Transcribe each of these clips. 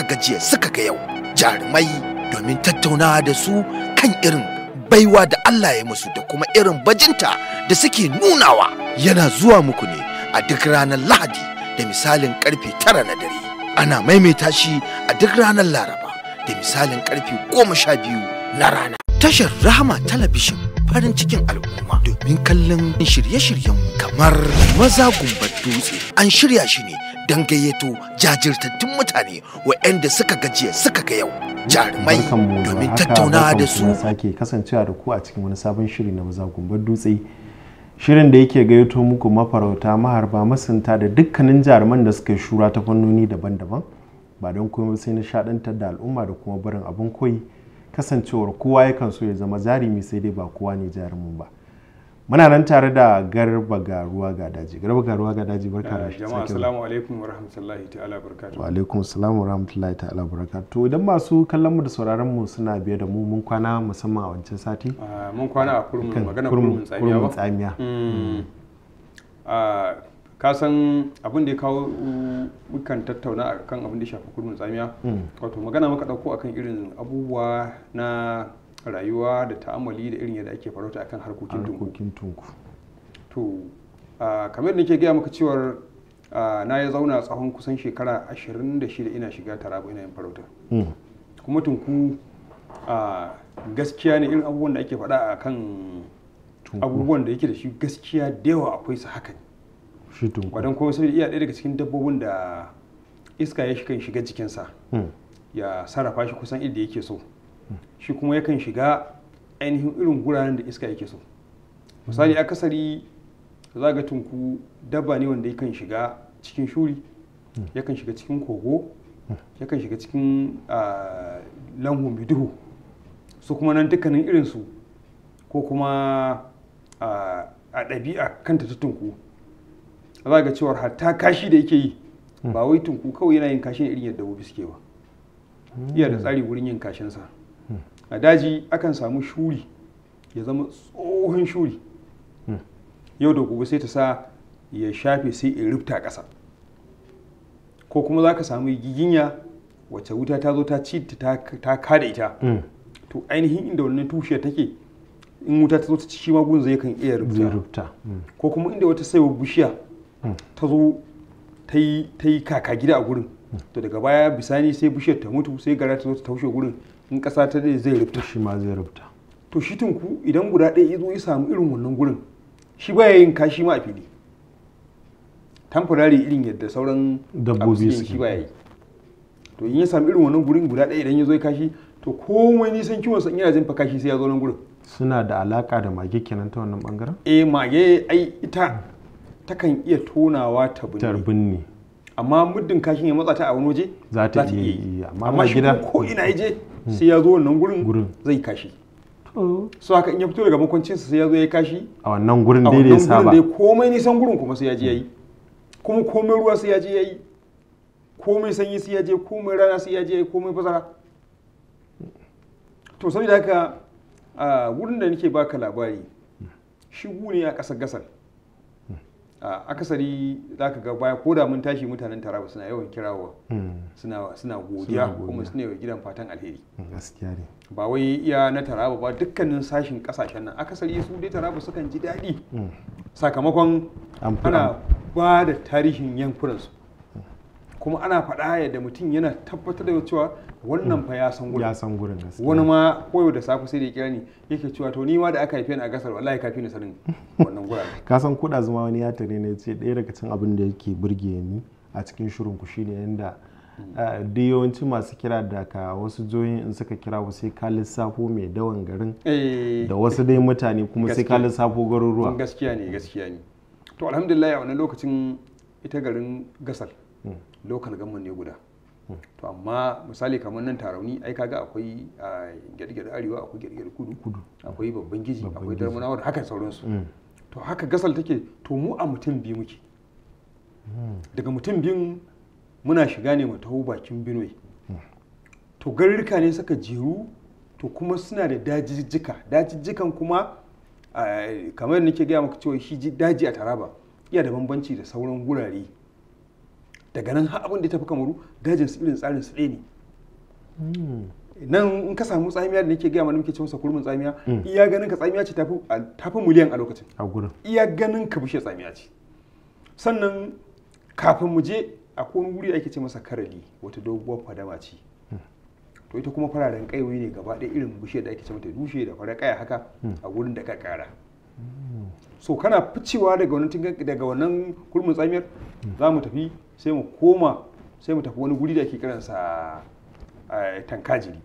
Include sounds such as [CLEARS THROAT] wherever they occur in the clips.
suka gajiya suka ga yau jarumai domin tattaunawa da su kan irin baiwa da Allah ya musu da kuma irin bajinta da suke nunawa yana zuwa muku ne a duk ranar lahadi da misalin karfe tara na dare ana maimaita shi a duk ranar laraba da misalin karfe goma sha biyu na rana tashar rahama talabishin farin cikin al'umma domin kallon shirye-shiryen kamar maza gumbar dutse an shirya shi ne don gayyato jajirtattun mutane waɗanda suka gajiya suka ga yau jarumai domin tattaunawa da su sake kasancewa da ku a cikin wani sabon shiri na maza gumbar dutse shirin da yake gayyato muku mafarauta maharba masunta da dukkanin jaruman da suka shura ta fannoni daban-daban ba don komai sai na shaɗantar da al'umma da kuma barin abin koyi kasancewar kowa yakan so ya zama jarumi sai dai ba kowa ne jarumin ba muna nan tare da garba garuwa ga daji garba garuwa ga daji barka da shi jama'a assalamu alaikum wa rahmatullahi ta'ala barakatuh wa alaikum assalam wa rahmatullahi ta'ala barakatuh to idan masu kallon mu da sauraron mu suna biye da mu mun kwana musamman a wancan sati ah, mun kwana a kurmin magana kurmin tsamiya ba tsamiya mm. Mm. Ah, ka san abin da ya kawo mukan tattauna akan abin da ya shafi kurmin tsamiya mm. wato magana muka dauko akan irin abubuwa na rayuwa da ta'amali da irin yadda ake farauta akan harkokin tunku harkokin tunku to kamar da ke gaya maka cewar na ya zauna tsawon kusan shekara 26 ina shiga taraba ina yin farauta hmm. kuma tunku gaskiya ne irin abubuwan da ake faɗa a kan abubuwan da yake da shi gaskiya da yawa akwai su haka shi tunku wadan kuma saboda iya ɗaya daga cikin dabbobin da iska ya shiga jikinsa hmm. ya sarrafa shi kusan inda yake so shi kuma yakan shiga ainihin irin guraren da iska yake so misali akasari za ga tunku dabba ne wanda yakan shiga cikin shuri yakan shiga cikin kogo yakan shiga cikin lamhun biduhu su kuma nan dukkanin irinsu ko kuma a ɗabi'a kanta ta tunku za ga cewar hatta kashi da yake yi ba wai tunku kawai yana yin kashin irin yadda dabbobi suke ba iya da tsari wurin yin kashinsa a daji akan samu shuri ya zama tsohon shuri hmm. yau da gobe sai ta sa ya shafe sai in rufta ƙasa ko kuma za ka samu giginya wacce wuta ta zo ta ci ta kada ita hmm. to ainihin inda wannan tushe take in wuta ta zo ta ci shi magun zai kan iya rubuta hmm. ko kuma inda wata saiwa bishiya ta zo ta yi kaka gida a gurin to daga baya bisani sai bishiyar ta mutu sai gara ta zo ta taushe gurin in ƙasa ta dai zai rubuta shi ma zai rubuta to shi tunku idan guda ɗaya ya zo ya samu irin wannan gurin shi baya yin kashi ma a fili tamfurari irin yadda sauran dabbobi su shi baya yi to in ya samu irin wannan gurin guda ɗaya idan ya zo ya kashi to komai nisan kiwon san yana jin kashi sai ya zo nan gurin suna da alaka da mage kenan ta wannan bangaren eh mage ai ita takan iya tonawa ta binne binne amma muddin kashin ya matsa ta a wani waje za ta iya amma gida ko ina je Mm. sai ya zo wannan gurin zai kashi so haka in ya fito daga makwancinsa sai ya zo ya kashi a wannan gurin dai da ya saba dai komai nisan gurin kuma sai ya je yayi kuma komai ruwa sai ya je yayi komai sanyi sai ya je komai rana sai ya je yayi komai fasara. to saboda haka a gurin da nake baka labari shigu ne a ƙasar gasar akasari za ka ga baya ko da mun tashi mutanen taraba suna yawan kirawa hmm. suna godiya kuma suna yawan gidan fatan alheri hmm, ba wai iya na taraba ba dukkanin sashin kasashen nan akasari su dai taraba sukan ji daɗi hmm. sakamakon ana ba da tarihin yankunansu kuma ana faɗa yadda mutum yana tabbatar da cewa wannan fa ya san gurin ya san gurin gaskiya wani ma koyo da safe sai da kira ni yake cewa to ni ma da aka haife ni a gasar wallahi fi ni sanin wannan gurin [LAUGHS] ka san kuɗa zuma wani ya tare ne ce ɗaya daga cikin abin da yake burge ni a cikin shirin ku shine yanda hmm. eh, duk yawanci masu kira ka wasu joyin in suka kira ku sai ka lissafo mai dawan garin eh. da wasu dai mutane kuma sai ka lissafo garuruwa gaskiya ne gaskiya ne to alhamdulillah a wannan lokacin ita garin gasar local government ne guda to amma misali kamar nan tarauni ai kaga akwai gyaɗe-gyaɗe arewa akwai gyaɗe kudu akwai babban giji akwai darmanawa da haka sauransu mm. to haka gasal take to mu a mutum biyu muke mm. daga mutum biyun muna shiga ne mu taho bakin binoyi mm. to garirka ne suka jeru to kuma suna da dajijjika dajijjikan kuma kamar nake gaya maka cewa shi daji a taraba iya da bambanci da sauran gurare daga nan har abin da ya tafi kamaru dajin su irin tsarin su ne nan in ka samu tsamiya da nake gaya mana muke cewa kurmin tsamiya mm. iya ganin ka tsamiya ce tafi miliyan a lokacin a gurin iya ganin ka bushe tsamiya ce sannan kafin mu je a wani wuri ake ce masa karali wata doguwar fadama ce mm. to ita kuma fararen kaiwai ne gaba ɗaya irin bushe da ake ce mata dushe da fara kaya haka mm. a gurin da ka kara so kana ficewa daga wannan kurmin tsamiyar za mu tafi sai mu koma sai mu tafi wani guri da ake kiransa tankajiri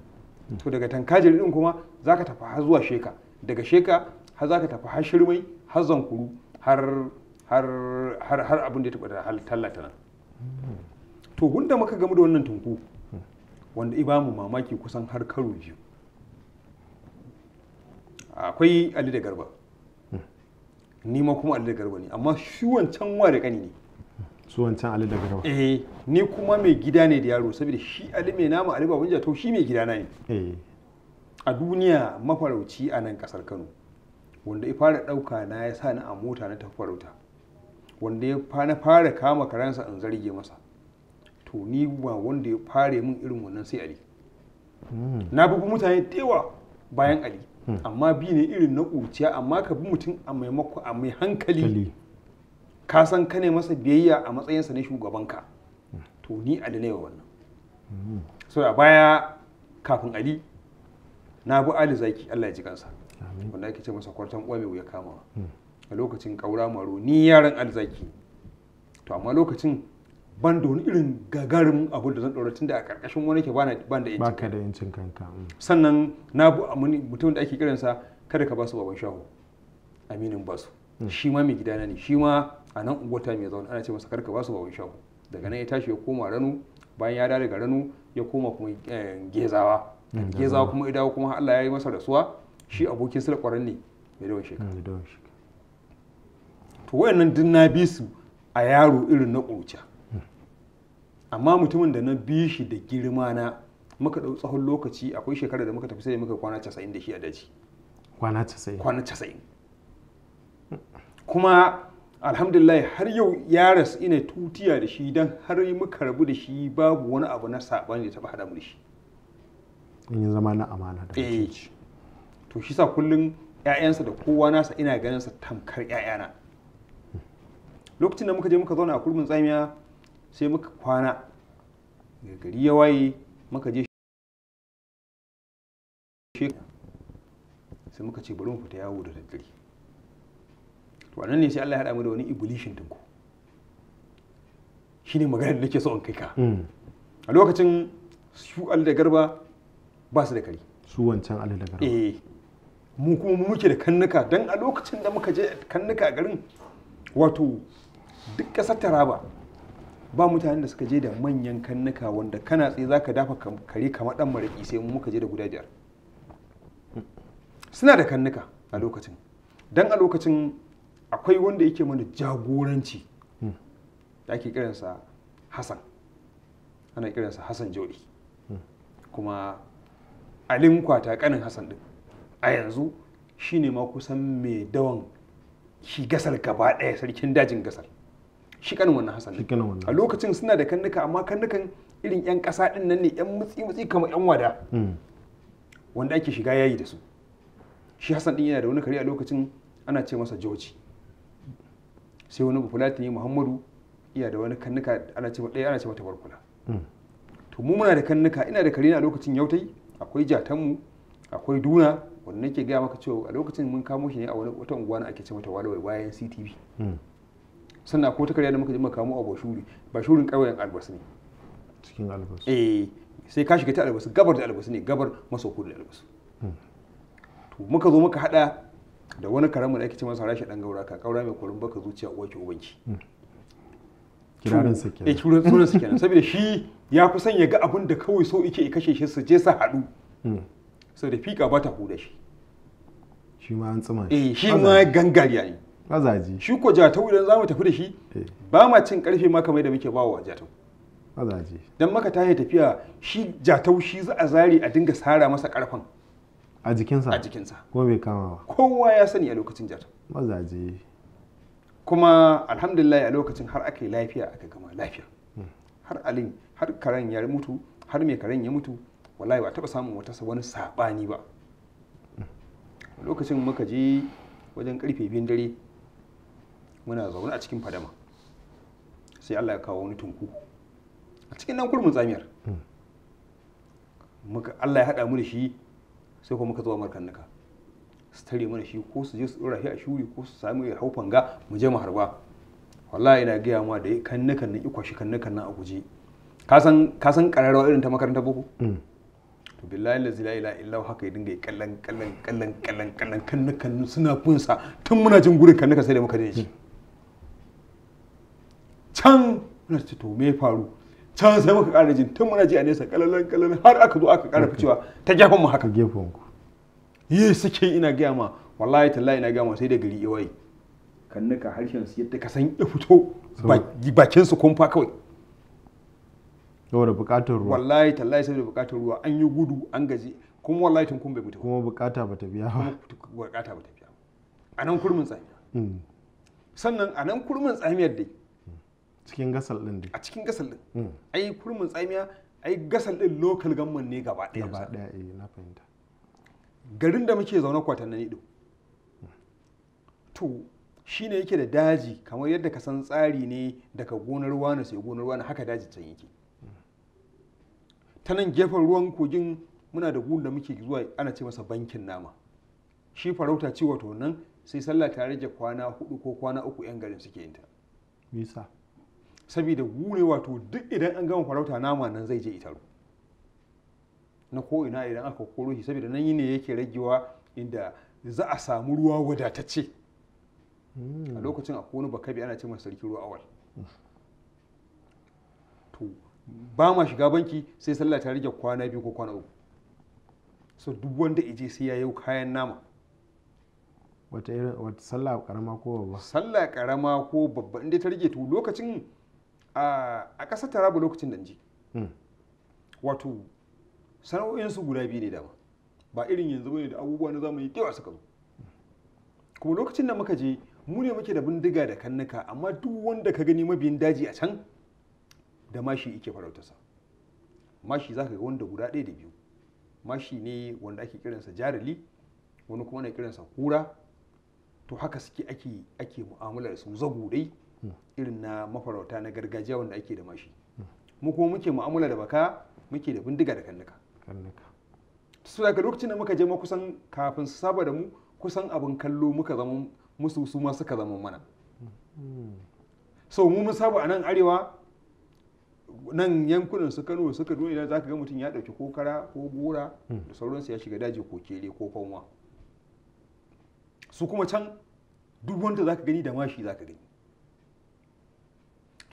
hmm. to daga tankajiri din kuma za ka tafi har zuwa sheka daga sheka har za ka tafi har shirmai har zankuru har har abin da ya taɓa da tallata nan hmm. to gunda muka gamu da wannan tunku hmm. wanda iba mu mamaki kusan har karo biyu akwai ali da garba ni ma kuma ali da garba ne amma shi wancan wa da kani ne su ali da garawa eh ni kuma mai gida ne da yaro saboda shi ali mai nama ali babun jato shi mai gida na ne eh. a duniya mafarauci a nan kasar kano wanda ya fara ɗauka na ya sa ni a mota na tafi farauta wanda ya fara fara kama karansa in zarge masa to ni ba wanda ya fare min irin wannan sai ali hmm. na bi mutane tewa bayan ali hmm. amma bi ne irin na kuciya amma ka bi mutum a maimako a mai hankali ka san ka ne masa biyayya a matsayinsa na shugabanka to ni ali ne wannan hmm. so a baya kafin ali na bi ali zaki allah ya ji kansa wanda ake ce masa kwartan uwa mai wuya kama hmm. a lokacin ƙaura maro ni yaran ali zaki to amma lokacin ban da wani irin gagarin abu da zan ɗora tun da a ƙarƙashin wani ke ban da yancin da kanka hmm. sannan na bu mutum da ake kiransa kada ka ba su baban shaho aminin ba su shi ma mai gidana ne shi ma a nan unguwar ta mai zaune ana ce masa karka su bawon shago daga nan ya tashi ya koma ranu bayan ya dawo daga ranu ya koma kuma eh, gezawa gezawa kuma ya dawo kuma Allah ya yi masa rasuwa shi abokin sulƙwaran ne mai dawon shekara to wayannan din na bi su a yaro irin na ƙuruciya hmm. amma mutumin da na bi shi da girma na muka ɗau tsawon lokaci akwai shekarar da muka tafi sai muka kwana 90 da shi a daji kwana 90 kwana 90 hmm. kuma alhamdulillah har yau ya rasu ina tutiya da shi don har yi muka rabu da shi babu wani abu na saɓon da taɓa haɗa mu da shi in yi zama na amana da eh to shi sa kullum ƴaƴansa da kowa nasa ina ganin sa tamkar ƴaƴana lokacin da muka je muka zauna a kurmin tsamiya sai muka kwana gari ya waye muka je sai muka ce bari mu fita yawo da daddare to anan ne sai Allah ya haɗa mu da wani ibilishin ku shine maganar da nake so in kai ka hmm. a lokacin su da garba ba su da kari su wancan alal da garba eh mu kuma mu muke da kannuka dan a lokacin da muka je kannuka a garin wato duk ƙasar taraba ba mutanen da suka je da manyan kannuka wanda kana tsaye zaka dafa kare kamar dan maraki sai mu muka je da guda biyar suna da kannuka a lokacin dan a lokacin akwai wanda yake mana jagoranci da ake kiransa hassan ana kiransa hassan jori kuma alin kwata kanin hassan din a yanzu shine ma kusan mai dawan shi gasar gaba daya sarkin dajin gasar shi kanin wannan hassan din a lokacin suna da kannuka amma kannukan irin 'yan kasa ɗin nan ne 'yan mutsi-mutsi kamar 'yan wada hmm. wanda ake shiga yayi da su shi hassan din yana da wani kare a lokacin ana ce masa joji sai wani bafulatani muhammadu iya da wani kannuka ana ce ɗaya ana ce mata hmm. to mu muna da kannuka ina da kare na lokacin yautai akwai jatanmu akwai duna wanda nake gaya maka cewa a lokacin mun kamo shi ne a wata unguwa na ake ce mata walawai bayan ctv hmm. sannan akwai takarya da muka ji muka kamo a bashuri bashurin ƙauyen albasu ne cikin albasu. eh sai ka shiga ta albasu gabar da albasu ne gabar maso kudu da albasu hmm. to muka zo muka hada da wani karamin da ake ce masa rashi dan gaura ka kaura mai kurin baka zuciya ki ubanki hmm. kirarin sa kenan eh kirarin sa kenan saboda shi ya fi ya ga abin da kawai so yake kashe shi su je su haɗu hmm. da fika ba ta huda shi shi ma an tsima shi eh shi ma gangariya ne azaji shi ko jatau idan zamu tafi da shi eh. ba ma cin karfe ma kamar da muke ba wa jatau azaji dan maka ta tafiya shi jatau shi za a zari a dinga sara masa karfan a jikinsa a jikinsa kuma bai kama ba kowa ya sani a lokacin jar mazaje kuma alhamdulillah a lokacin har aka yi lafiya aka gama lafiya hmm. har alin har karen ya mutu har mai karen ya mutu wallahi ba taba samun wata wani sabani ba hmm. lokacin muka je wajen karfe biyun dare muna zaune a cikin fadama sai Allah ya kawo wani tunku a cikin nan kurmin tsamiyar hmm. Allah ya haɗa mu da shi sai kuma ka zo amurkan nika su tare mana shi ko su je su dora shi a shuri ko su sami ya hau fanga mu je mu harba wallahi ina gaya ma da kan nukan na ikwashi kan nukan na a guje ka san kararwa irin ta makarantar boko mm. to billahi la ilaha illa illahu haka ya dinga yi kallan kallan kallan kallan kallan kan nukan suna sa tun muna jin gurin kan nukan sai da muka dace mm. can na ce to me faru can sai muka ƙara jin tun muna ji a nesa kalalan kalalan har aka zo aka ƙara cewa ta gefen mu haka gefen ku yi suke ina gaya ma wallahi tallahi ina gaya ma sai da gari iwai kan nika harshen su yadda ka san ya fito bakin su kumfa kawai saboda buƙatar ruwa wallahi tallahi saboda buƙatar ruwa an yi gudu an gaji kuma wallahi tun kun bai mutu kuma bukata ba ta biya ba buƙata ba ta biya a nan kurmin tsamiya mm. sannan a nan kurmin tsamiyar dai cikin gasal din a cikin gasal din mm. ai kurmin tsamiya ai gasal din local government ne gaba daya gaba daya eh na fahimta garin da muke zaune kwatanni din to shi ne yake da daji kamar yadda ka san tsari ne daga gonar wani sai gonar wani haka daji can yake ta nan gefen ruwan kogin muna da gudun da muke zuwa ana ce masa bankin nama shi farauta ce wato nan sai sallah ta rage kwana hudu ko kwana uku yan garin suke yin ta saboda gure wato duk idan an gama farauta nama nan zai je itaro na ko ina idan aka koro shi saboda nan ne yake ragewa inda za a samu ruwa wadatacce a lokacin akwai wani bakabi ana ce masu sarki ruwa awal to ba ma shiga banki sai sallah ta rage kwana biyu ko kwana uku so duk wanda ije sai ya yi kayan nama wata irin wata sallah karama ko babba sallah karama ko babba inda ta rage to lokacin a ƙasar tarabu lokacin da nje hmm. wato sana'o'insu guda biyu ne dama ba irin yanzu bane da abubuwa na zamani da yawa suka zo kuma lokacin da muka je mu ne muke da bindiga da kannuka amma duk wanda ka gani mabiyin daji a can da mashi yake farautarsa mashi za ka ga wanda guda ɗaya da biyu mashi ne wanda ake kiransa jarali, wani kuma na kiransa kura, to haka suke ake mu'amala da su dai irin na mafarauta na gargajiya wanda ake da mashi mu kuma muke mu'amala da baka muke da bindiga da kannuka su daga lokacin da muka je ma kusan kafin su saba da mu kusan abin kallo muka zama musu su ma suka zama mana so mu mun saba a nan arewa nan yankunan su kano su kaduna za ka ga mutum ya ɗauki ko kara ko gora da sauransu ya shiga daji ko kere ko fanwa su kuma can duk wanda za ka gani da mashi za ka gani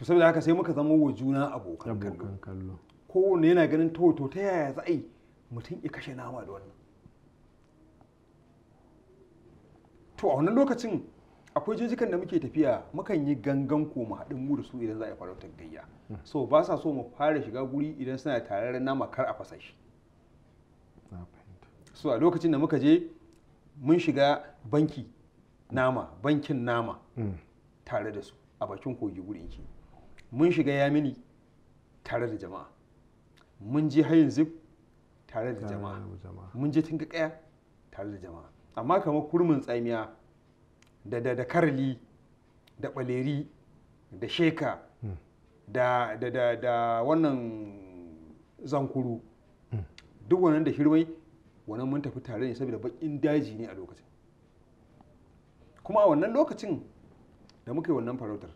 to saboda haka sai muka zama wa juna abokan kallo kowanne yana ganin to to ta yaya za a yi mutum ya kashe nama da wannan to a wannan lokacin akwai jijikan da muke tafiya mukan yi gangan koma haɗin mu da su idan za a fara farautar gayya hmm. so ba sa so mu fara shiga guri idan suna tare da nama kar a fasa shi so a lokacin da muka je mun shiga banki nama bankin nama hmm. tare da su a bakin kogi gurin ki mun shiga yamini tare da jama'a mun je hayin zib tare da jama'a mun je tunga kaya tare da jama'a amma kamar kurmin tsamiya da da da karli da baleri da sheka hmm. da da da da wannan zankuru hmm. duk wannan da hirmai wannan mun tafi tare ne saboda bakin daji ne a lokacin kuma a wannan lokacin da muka yi wannan farautar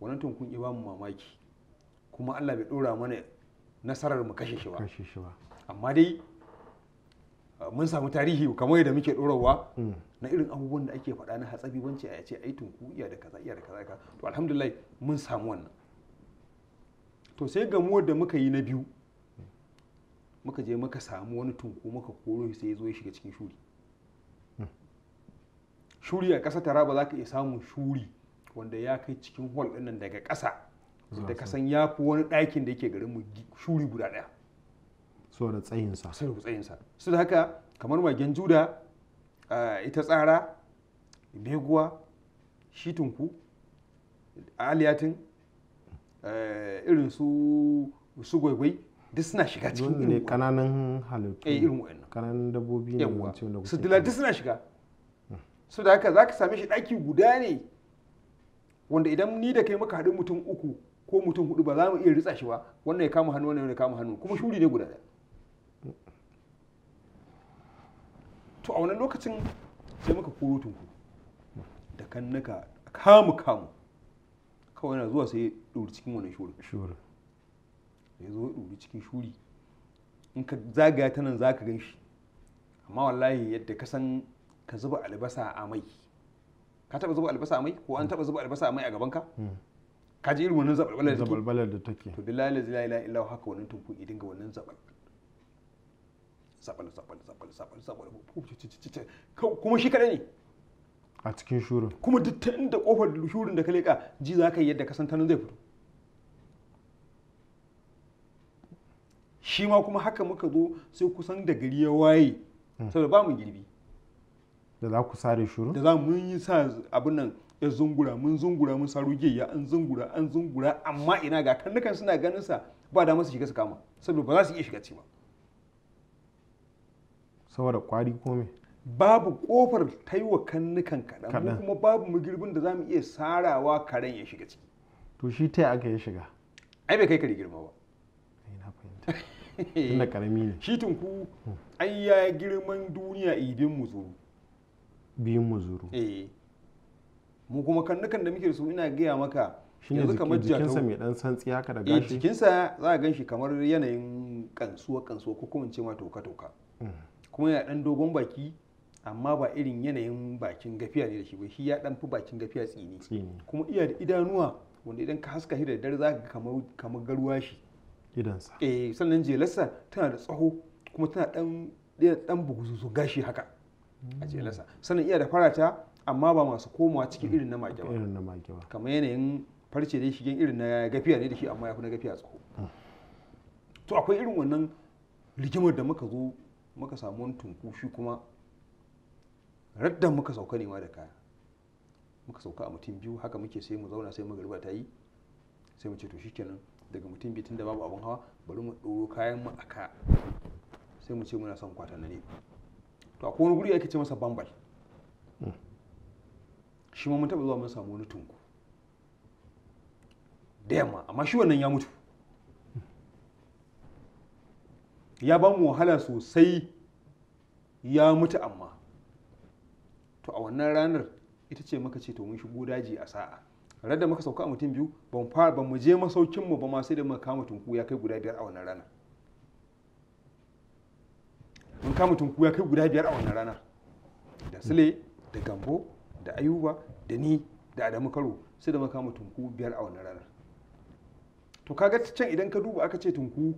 wannan kun ya bamu mamaki kuma Allah bai dora mana nasarar mu kashe shi ba kashe shi ba amma dai ah, mun samu tarihi kamar yadda muke dorawa mm. na irin abubuwan da ake faɗa na hatsabi wance a ce ai ku iya da kaza iya da kaza to alhamdulillah mun samu wannan to sai gamuwar da muka yi na biyu muka je muka samu wani tunku muka koro sai ya zo ya shiga cikin shuri mm. shuri a ƙasa tara ba za ka iya samun shuri wanda ya kai cikin hall ɗin nan daga ƙasa da kasan ya fi wani ɗakin da yake garin mu shuri guda ɗaya saboda tsayinsa saboda tsayinsa su da haka kamar magen juda eh, ita tsara beguwa shitunku aliyatin eh, irin su su gwaigwai duk suna shiga cikin irin ne kananan halittu eh irin wa'annan kananan dabbobi ne wancan da su dila duk suna shiga hmm. su da haka zaka same shi ɗaki guda ne wanda idan ni da kai muka haɗu mutum uku ko mutum hudu ba za mu iya ritsa shi ba wannan ya kama hannu wannan ya kama hannu kuma shuri ne guda to a wannan lokacin sai muka koro tunku da kan naka kamu kamu kawai na zuwa sai ya ɗori cikin wannan shuri shuri ya zo ɗori cikin shuri in ka zagaya ta nan za ka gan shi amma wallahi yadda ka san ka zuba albasa a mai ka taba zuba albasa mai ko an hmm. taba zuba albasa mai a gaban ka hmm. ka ji irin wannan zabalbalar da zabalbalar da take to billahi la ilaha illa haka wannan tunku idin ga wannan zabal zabal zabal zabal zabal zabal kuma shi kada ne a cikin shurin kuma duk ta inda kofar shurin da ka leka ji za ka yi yadda ka san tanin zai fito shi ma kuma haka muka zo sai kusan da gari ya waye hmm. saboda ba mu girbi da za ku sare shuru da za mu yi sa abin nan ya zungura mun zungura mun saro ya an zungura an zungura amma ina ga karnukan suna ganin sa ba da su shiga su kama saboda ba za su iya shiga ci ba saboda kwari ko me babu kofar taiwa karnukan kaɗan kuma babu magirbin da za mu iya sarawa karen ya shiga ciki to shi ta aka ya shiga ai bai kai kare girma ba na fahimta tunda karami ne shi tunku ai ya girman duniya idin mu tsoro biyun muzuru eh mu kuma kannukan da muke da su ina gaya maka yanzu kamar jikinsa mai dan santsi haka da eh, gashi jikinsa za a ganshi kamar yanayin kansuwa kansuwa ko kuma ce ma toka toka mm. kuma ya dan dogon baki amma ba irin yanayin bakin gafiya ne da shi ba shi ya dan fi bakin gafiya tsini kuma iya da idanuwa wanda idan ka haska shi da dare za ka kamar kamar garuwa shi idansa eh sannan jelarsa tana da tsaho kuma tana dan dan bugu gashi haka a jelarsa sannan iya da farata amma ba masu komawa cikin irin na mage ba yanayin farce da shigen irin na gafiya ne da shi amma ya fi na gafiya tsoho to akwai irin wannan rigimar da muka zo muka samu wani tunku shi kuma raddan muka sauka ne ma da kaya muka sauka a mutum biyu haka muke sai mu zauna sai magariba ta yi sai mu ce to shikenan daga mutum biyu tun da babu abin hawa bari mu ɗoro kayan mu a kaya sai mu ce muna son kwata ne to a wani guri ake ce masa bambal shi ma mun taɓa zuwa mun samu wani tunku da yamma amma shi wannan ya mutu ya ba mu wahala sosai ya mutu amma to a wannan ranar ita ce maka ce to mun shigo daji a sa'a rada muka sauka a mutum biyu ban fara ban mu je masaukinmu ba ma sai da muka kama tunku ya kai guda biyar a wannan ranar mun kama tunku ya kai guda biyar a wannan rana da sule da gambo da ayuba da ni da adamu karo sai da mutum tunku biyar a wannan rana to kaga can idan ka duba aka ce tunku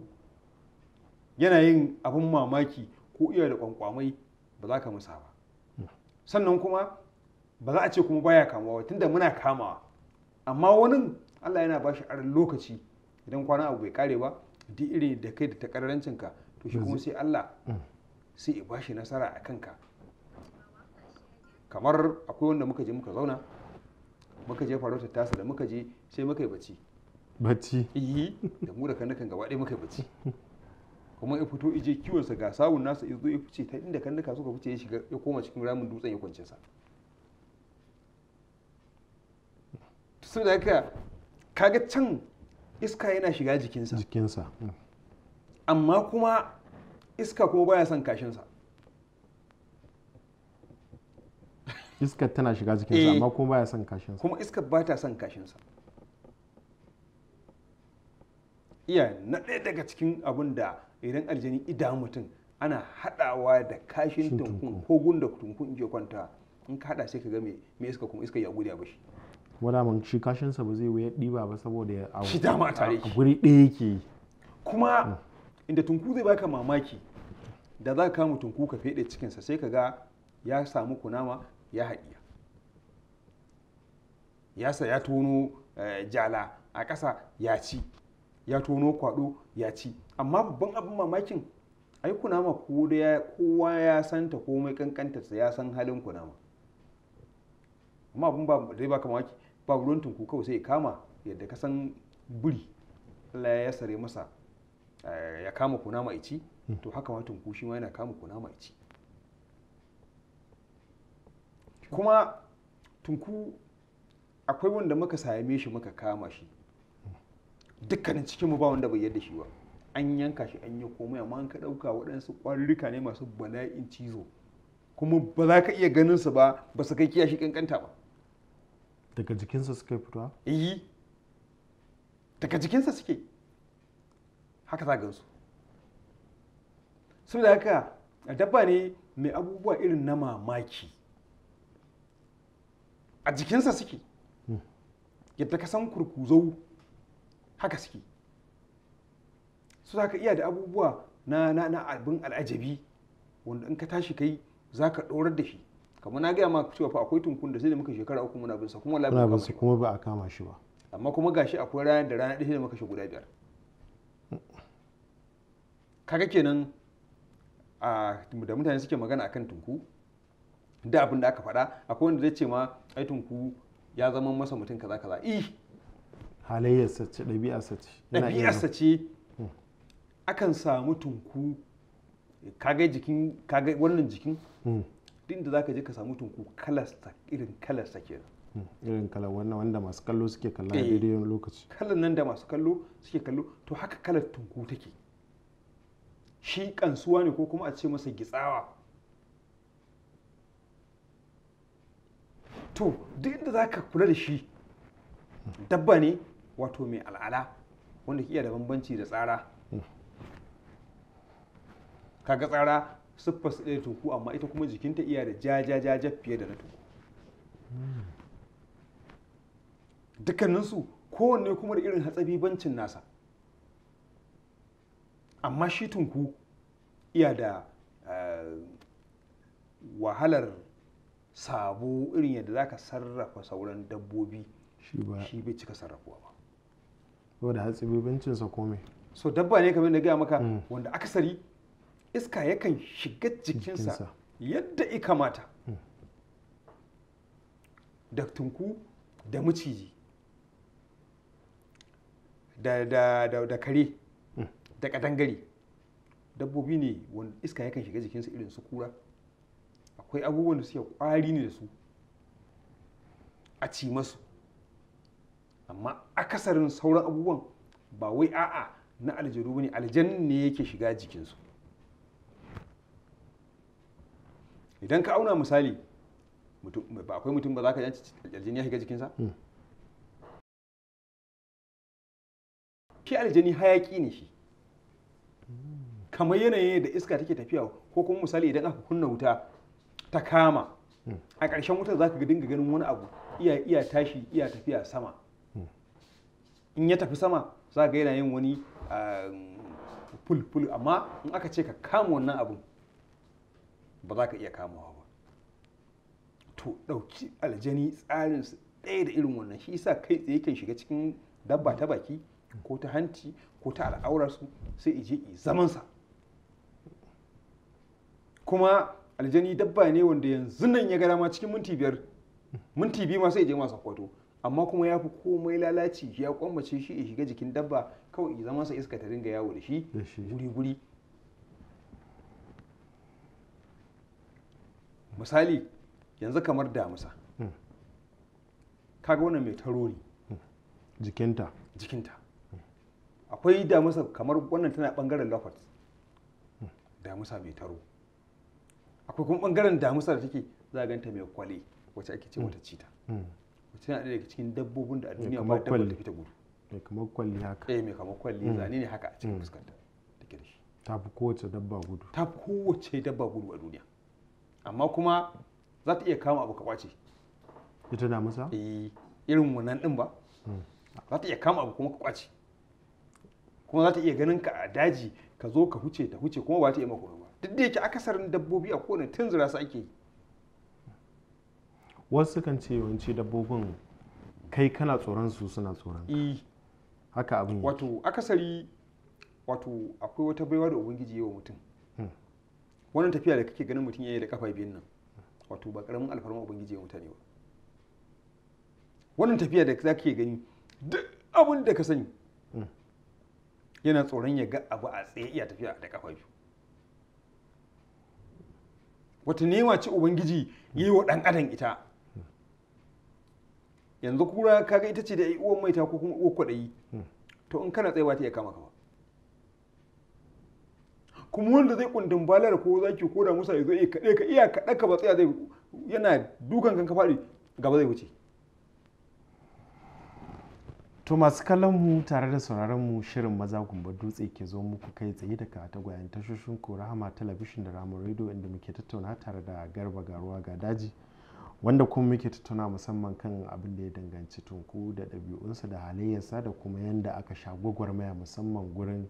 yana yin abin mamaki ko iya da kwankwamai ba za ka musa ba sannan kuma ba za a ce kuma baya kamawa tunda muna kamawa amma wani allah yana ba shi aran lokaci idan kwana abu bai kare ba duk iri da kai da takararrancin ka to shi kuma sai allah mm. sai ya bashi nasara a kanka kamar akwai wanda muka je muka zauna muka je farautar tasa da muka je sai muka yi bacci bacci iyi da mu da kannukan gaba ɗaya muka yi bacci kuma ya fito ije kiwonsa ga sawun nasa ya zo ya fice ta inda kannuka suka fice ya shiga ya koma cikin ramin dutsen ya kwance sa su da ka kaga can iska yana shiga jikinsa jikinsa amma kuma iska kuma baya son kashinsa iska tana shiga jikinsa amma kuma baya son kashinsa kuma iska ba ta son kashinsa iya na ɗaya daga cikin abin da idan aljani idan mutum ana haɗawa da kashin tunkun ko gunda tunkun tunkun je kwanta in ka haɗa sai ka ga me iska kuma iska ya gudu ya bashi wala man shi kashinsa ba zai wuya ɗiba ba saboda ya shi dama tare a guri ɗaya yake kuma mm. inda tunku zai baka mamaki da za ka mutum kuka ka feɗe cikinsa sai ka ga ya samu kunama ya haɗiya ya sa ya tono eh, jala a ƙasa ya ci ya tono kwaɗo ya ci amma babban abin mamakin ai kunama kowa ya santa komai kankantarsa ya san halin kunama amma abin ba zai baka mamaki ba ruwan tunku kawai sai ya kama yadda ka san buri Allah ya sare masa eh, ya kama kunama ya ci to haka ma tunku shi ma yana kama kunama ci kuma tunku akwai wanda muka same shi muka kama shi dukkanin cikinmu ba wanda bai yadda shi ba an yanka shi an yi komai amma an ka ɗauka waɗansu ƙwarurruka ne masu bala'in cizo kuma ba za ka iya ganin su ba ba su kai kiyashi kankanta ba daga jikinsa suka fito yi eh, daga jikinsa suke haka za gansu saboda haka dabba ne mai abubuwa irin na mamaki a jikinsa suke hmm. yadda ka san kurkuzau haka suke su za ka iya da abubuwa na na abin al'ajabi wanda in ka tashi kai za ka ɗorar da shi kamar na gaya maka cewa fa akwai tunkun da sai da muka shekara uku muna binsa kuma wallahi muna binsa kuma ba a kama shi ba amma kuma gashi akwai ranar da rana ɗaya da muka shi guda biyar hmm. kaga kenan da mutane suke magana akan tunku da abin da aka faɗa akwai wanda zai ce ma ai tunku ya zama masa mutum kaza kaza i halayyar sace ɗabi'arsa sace ɗabi'arsa sace akan samu tunku kaga jikin kaga wannan jikin hmm. din da zaka je ka samu tunku kalarsa irin kalarsa kenan hmm, irin kalar wannan wanda masu kallo suke kalla a daidai eh. lokaci kalar nan da masu kallo suke kallo to haka kalar tunku take shi kansuwa ne ko kuma a ce masa gitsawa to duk inda za ka kula da shi dabba ne wato mai al'ala wanda ke iya da bambanci da tsara kaga tsara siffar su ɗaya tuku amma ita kuma jikinta iya da jajajajen fiye da na tuku dukkaninsu kowanne kuma da irin hatsabibancin nasa amma shi tunku iya da eh, wahalar sabo irin yadda zaka sarrafa sauran dabbobi shi bai cika sarrafuwa ba kome so dabba ne kamar da gaya maka mm. wanda akasari iska yakan shiga jikinsa yadda i kamata mm. da tunku da maciji da kare da kadangare dabbobi ne wanda iska yakan shiga jikinsu irin su kura akwai abubuwan da suke kwari ne da su a ci masu amma akasarin sauran abubuwan ba wai a'a na aljaru ne aljan ne yake shiga jikinsu idan ka auna misali ba akwai mutum ba za ka yanci aljan ya shiga jikinsa hmm. shi aljani hayaki ne shi kamar yanayin da iska take tafiya ko kuma misali idan aka kunna wuta ta kama a ƙarshen wutar za ka dinga ganin wani abu iya iya tashi iya tafiya sama in ya tafi sama za ka yana yin wani fulful ah, amma in aka ce ka kama wannan abun ba za ka iya kamawa ba to ɗauki aljani tsarin su ɗaya da irin wannan shi yasa kai tsaye kan shiga cikin dabba ta baki ko ta hanci ko ta al'aurarsu sai ije zamansa. kuma aljani dabba ne wanda yanzu nan ya gara ma cikin minti biyar minti biyu ma sai je masa kwato amma kuma ya fi komai lalaci ya kwambace shi ya shiga jikin dabba kawai ya zama sa iska ta dinga yawo da shi guri guri misali yanzu kamar damusa hmm. kaga wannan mai taro ne hmm. jikinta jikinta akwai damusa kamar wannan tana bangaren lafat hmm. damusa mai taro akwai kuma bangaren damusa da take za a ganta mai kwale wacce ake ce wata mm. cita mm. wacce na daga cikin dabbobin da a duniya ba dabbar da fita gudu mai kamar kwalli haka eh mai kamar kwalli mm. zane ne haka a cikin fuskanta take da shi ta fi kowace dabba gudu ta fi kowace dabba gudu a duniya amma kuma za ta iya kama abu ka kwace ita na masa eh irin wannan din ba za ta iya kama abu kuma ka kwace kuma za ta iya ganin ka a daji ka zo ka huce ta huce kuma ba ta iya maka ba duk da yake akasarin dabbobi a kowane tunzura su ake yi wasu kan ce yawanci dabbobin kai kana tsoron su suna tsoron ka. Eh. haka abin wato akasari wato akwai wata baiwa da ubangiji yawa mutum hmm. wannan tafiya da kake ganin mutum yayi da kafa biyun nan wato ba karamin alfarma ubangiji ya mutane ba wannan tafiya da za ke gani duk abin da ka sani hmm. yana tsoron ya ga abu a tsaye iya tafiya da kafa biyu wata nema ce ubangiji ya yi wa ɗan adam ita yanzu kura kaga ita ce da uwan maita ko kuma uwar kwaɗayi to in kana tsayawa ta iya kama kama kuma wanda zai kundin balar ko zaki ko da musa ya zo eh, ka iya kaɗe ka ba tsaya yana dukan kan ka gaba zai wuce To masu kallon mu tare da sauraron mu shirin maza gumbar dutse ke zo muku kai tsaye daga tagwayen tashoshin ko rahama talabishin da ramar rediyo inda muke tattauna tare da garba garuwa ga daji wanda kuma muke tattauna musamman kan abin da ya danganci tunku da ɗabi'unsa da halayyarsa da kuma yadda aka sha gwagwarmaya musamman gurin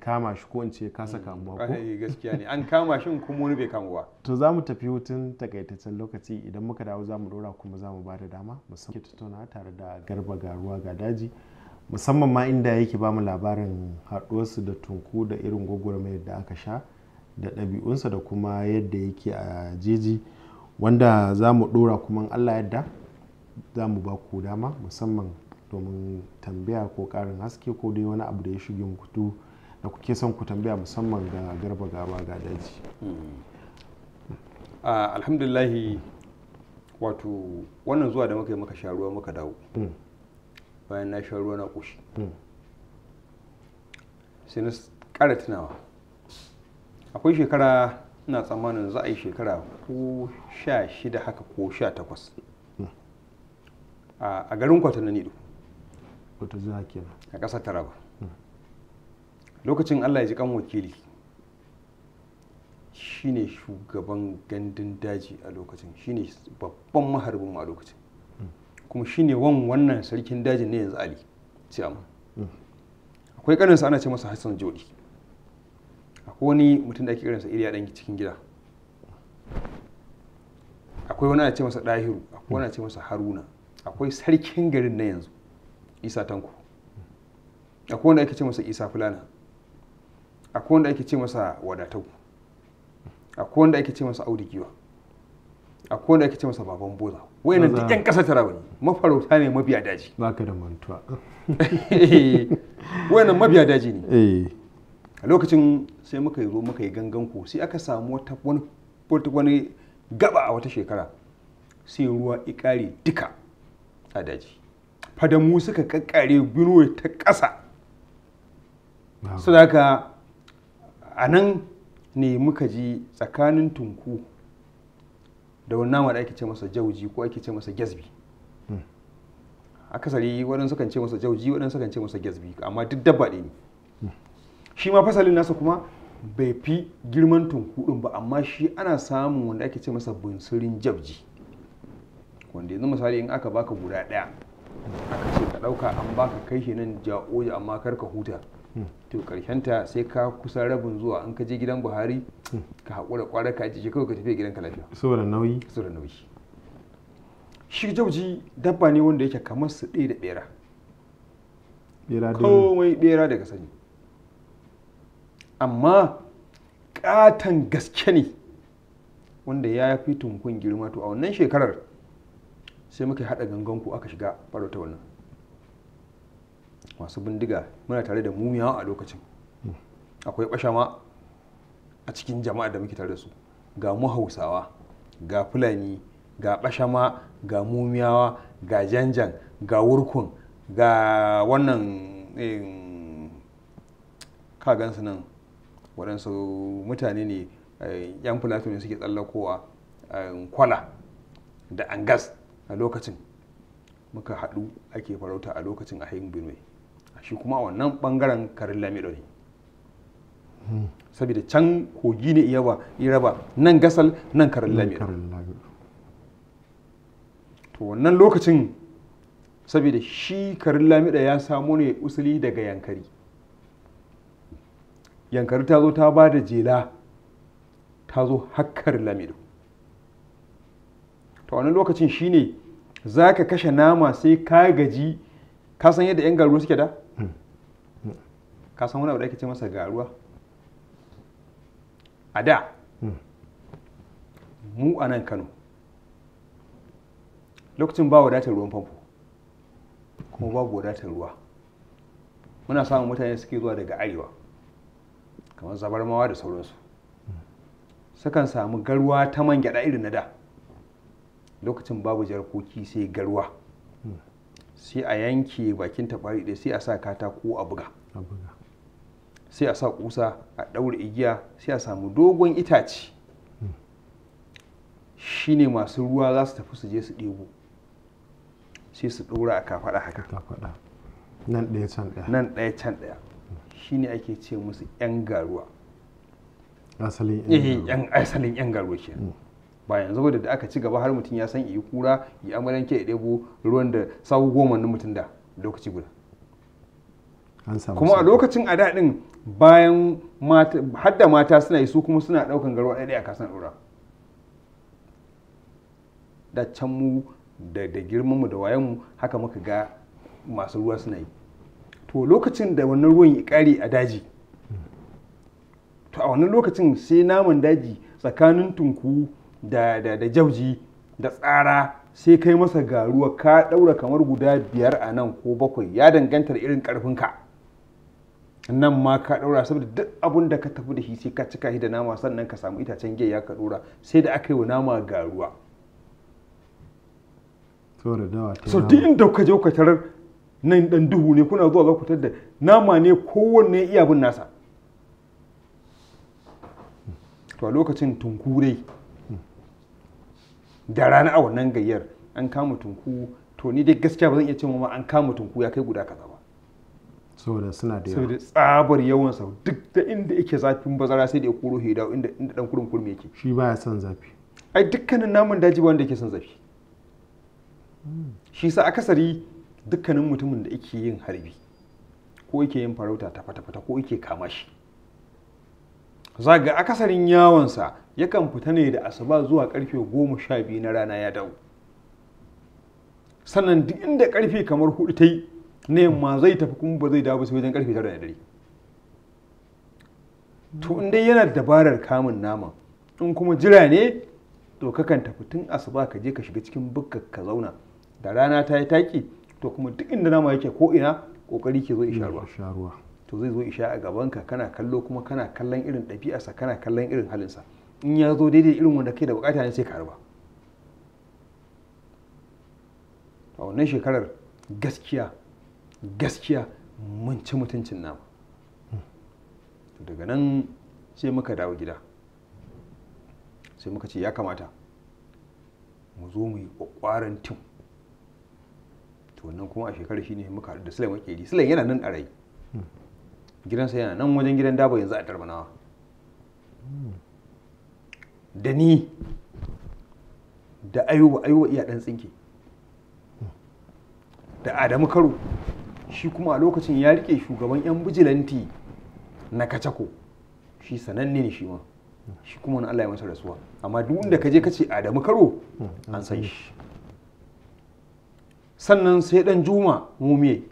kama shi ko in ce kasa kamuwa mm. ko gaskiya ne an kama shi kuma wani bai kamu ba to za mu tafi hutun takaitaccen lokaci idan muka dawo za mu dora kuma za mu ba da dama musamman ke tattauna tare da garba ga ruwa ga daji musamman ma inda yake ba mu labarin haɗuwarsu da tunku da irin gwagwarmayar da aka sha da ɗabi'unsa da kuma yadda yake a jeji wanda za mu ɗora kuma allah yadda za mu ba ku dama musamman domin tambaya ko ƙarin haske ko dai wani abu da ya shige hutu. da kuke son ku tambaya musamman ga garba gaba ga daji hmm. ah, alhamdulahi wato wannan zuwa da muka yi muka sha ruwa muka dawo hmm. bayan na sha ruwa na ƙushi. Hmm. sai na ƙara tunawa akwai shekara ina tsammanin za a yi shekara ko sha shida haka ko sha takwas ah, a garin kwatano nido a ƙasar taraba lokacin allah ya ji kan wakili shine shugaban gandun daji a lokacin shine babban maharbin a lokacin kuma shine wan wannan sarkin dajin ne yanzu ali ce amma akwai kaninsa ana ce masa hassan jodi akwai wani mutum da ake kiransa iriya ɗan cikin gida akwai wani ana ce masa dahiru akwai wani ana ce masa haruna akwai sarkin garin na yanzu isa tanko akwai wani ake ce masa isa fulana akwai wanda ake ce masa wadatau akwai wanda ake ce masa audigiwa akwai wanda ake ce masa baban boza wayannan duk yan kasar taraba mafarauta ne mabiya daji Ba ka da mantuwa [LAUGHS] wayannan mabiya daji ne eh. a lokacin sai muka yi zo muka yi gangan ko sai aka samu wata wani gaba a wata shekara sai ruwa ikare duka a daji fadamu suka kakkare binuwa ta ƙasa su da a nan ne muka ji tsakanin tunku da wannan wanda ake ce masa jauji ko ake ce masa gyazbi hmm. akasari waɗansu kan ce masa jauji waɗansu kan ce masa gyazbi amma duk dabba ne hmm. shi ma fasalin nasa kuma bai fi girman tunku ɗin ba amma shi ana samun wanda ake ce masa bunsurin jabji wanda yanzu misali in aka baka guda ɗaya aka ce ka ɗauka an baka kai shi nan ja'o'i amma kar ka huta to ta sai ka kusa rabin zuwa an ka je gidan buhari ka haƙura ƙwarar ka ajiye kawai ka tafi gidan ka lafiya saboda nauyi saboda nauyi shi jauji dabba ne wanda yake kamar su ɗaya da ɓera komai ɓera daga sani amma ƙaton gaske ne wanda ya fi tunkun girma to a wannan shekarar sai muka haɗa gangan ku aka shiga farauta wannan masu bindiga muna tare da mumiyawa a lokacin akwai ma a cikin jama'a da muke tare da su ga mu hausawa ga fulani ga bashama ga mumiyawa ga janjan ga wurkun ga wannan eh, ka gansu nan waɗansu mutane ne yan eh, filato ne suke tsallakowa eh, kwala da angas a lokacin muka haɗu ake farauta a lokacin a hayin benue shi kuma wannan bangaren karin lamido ne saboda can kogi ne iya raba nan gasal nan karin lamido to wannan lokacin saboda shi karin lamido ya samu ne usuli daga yankari yankari ta zo ta ba da jela ta zo hakkar lamido Ta wani lokacin shine za ka kashe nama sai ka gaji ka san yadda 'yan garuru suke da ka san wani abu da ake ce masa garuwa a da hmm. mu a nan kano lokacin ba wadatar ruwan famfo kuma babu wadatar ruwa muna samun mutane suke zuwa daga arewa kamar zabarmawa da sauransu hmm. sukan samu garuwa ta man gyada irin na da lokacin babu jarkoki sai garuwa hmm. sai a yanke bakin taɓari ɗaya sai a sa katako a buga sai a sa kusa a ɗaure igiya sai a samu dogon itace shine masu ruwa za su tafi su je su ɗebo sai su ɗora a kafaɗa haka nan ɗaya can ɗaya nan ɗaya can ɗaya shine ake ce musu 'yan garuwa asalin 'yan eh, garuwa ke mm. ba yanzu da aka ci gaba har mutum ya san iya kura ya amalanke ya ɗebo ruwan da sawu goma na mutum da lokaci guda kuma a lokacin a daɗin bayan hadda mata suna yi su kuma suna ɗaukan garwa ɗaya a kasan ɗora da can mu da mu da wayanmu haka muka ga masu ruwa suna yi to lokacin da wannan ruwan ya ƙare a daji to a wannan lokacin sai naman daji tsakanin tunku da da jauji da tsara sai kai masa garuwa ka ɗaura kamar guda biyar a nan ko bakwai ya danganta da irin ƙarfinka nan ma ka ɗaura saboda duk abin da ka tafi da shi sai ka cika shi da nama sannan ka samu itacen giya ka ɗora sai da aka yi wa nama garuwa so duk inda ka je ka tarar nan ɗan duhu ne kuna zuwa za ku da nama ne kowanne iya bin nasa to a lokacin tunkurai da rana a wannan gayyar an kama tunku to ni dai gaskiya ba zan iya ce ma an kama tunku ya kai guda kaza ba saboda suna da yawa saboda tsabar yawan sa duk da inda yake zafin bazara sai da ya koro hida inda inda dan kurum kurum yake shi baya son zafi ai dukkanin namun daji ba wanda yake son zafi shi sa akasari dukkanin mutumin da yake yin harbi ko yake yin farauta ta fata-fata ko yake kama shi za ga akasarin yawonsa yakan fita ne da asuba zuwa karfe goma sha biyu na rana ya dawo sannan duk inda karfe kamar hudu ta yi ne ma zai tafi kuma ba zai dawo sai wajen karfe tara da dare to in dai yana dabarar kamun naman in kuma jira ne to kakan tafi tun asuba ka je ka shiga cikin bukka ka zauna da rana ta yi taki to kuma duk inda nama yake ko ina kokari ke zo isha ruwa to zai zo isha a gaban ka kana kallo kuma kana kallon irin ɗabi'arsa kana kallon irin halinsa in ya zo daidai irin wanda kai da bukata ne sai ka harba a wannan shekarar gaskiya gaskiya mun ci mutuncin nama daga nan sai muka dawo gida sai muka ce ya kamata mu zo mu yi kwakwaran tim to wannan kuma a shekarar shi ne muka haɗu da sulaiman makeri sulaiman yana nan a rai gidansa yana nan wajen gidan daba yanzu a tarbanawa da ni da ayuba ayuba iya ɗan tsinke da adamu karu. shi kuma a lokacin ya rike shugaban 'yan bijilanti na kacako shi sananne ne shi ma shi kuma na Allah ya masa rasuwa amma duk inda ka je ka ce Adamu Karo hmm. an san shi sannan sai dan Juma mumiye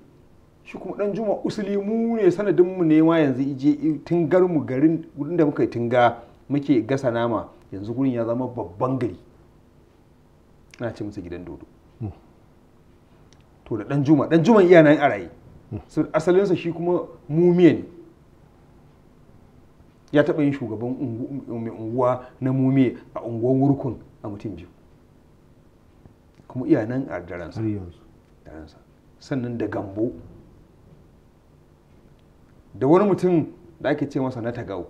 shi kuma dan Juma usuli mu ne sanadin mu ne ma yanzu ije tun garin gurin da muka yi tunga muke gasa nama yanzu gurin ya zama babban gari ana ce musu gidan dodo to da dan juma dan juma iya nan a raye asalinsa shi kuma mumiya ne ya taɓa yin shugaban um, unguwa na mumiya a unguwan wurkun a mutum biyu kuma iya nan a daransa sannan da gambo da wani mutum da ake ce masa na tagau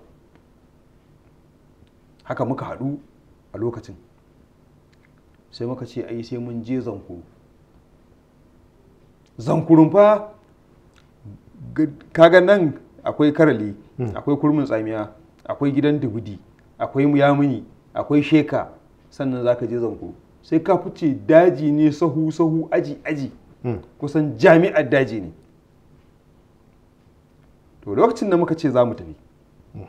haka muka haɗu a lokacin sai muka ce ai sai mun je zanku. zankurumfa kaga nan akwai karale hmm. akwai kurmin tsamiya akwai gidan dugudi akwai yamuni akwai sheka sannan za ka je zanko sai ka fice daji ne sahu sahu aji aji hmm. kusan jami'ar daji ne to lokacin da muka ce za mu tafi hmm.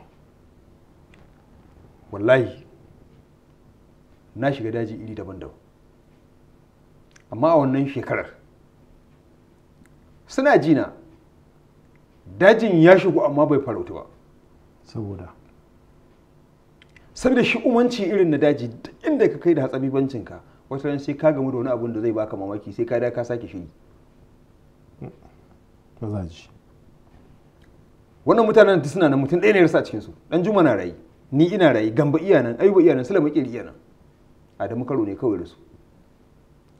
wallahi na shiga daji iri daban-daban amma a wannan shekarar suna jina dajin ya shigo amma bai farauta ba saboda saboda shi umanci irin na daji inda ka kai da bancinka wata ran sai ka gamu da wani abun da zai baka mamaki sai ka da ka sake shiri wannan mutanen da suna nan mutum ɗaya ne rasa cikin su dan juma na rayi ni ina rayi gamba iya nan ayuba iya nan sulama adamu karo ne kawai da su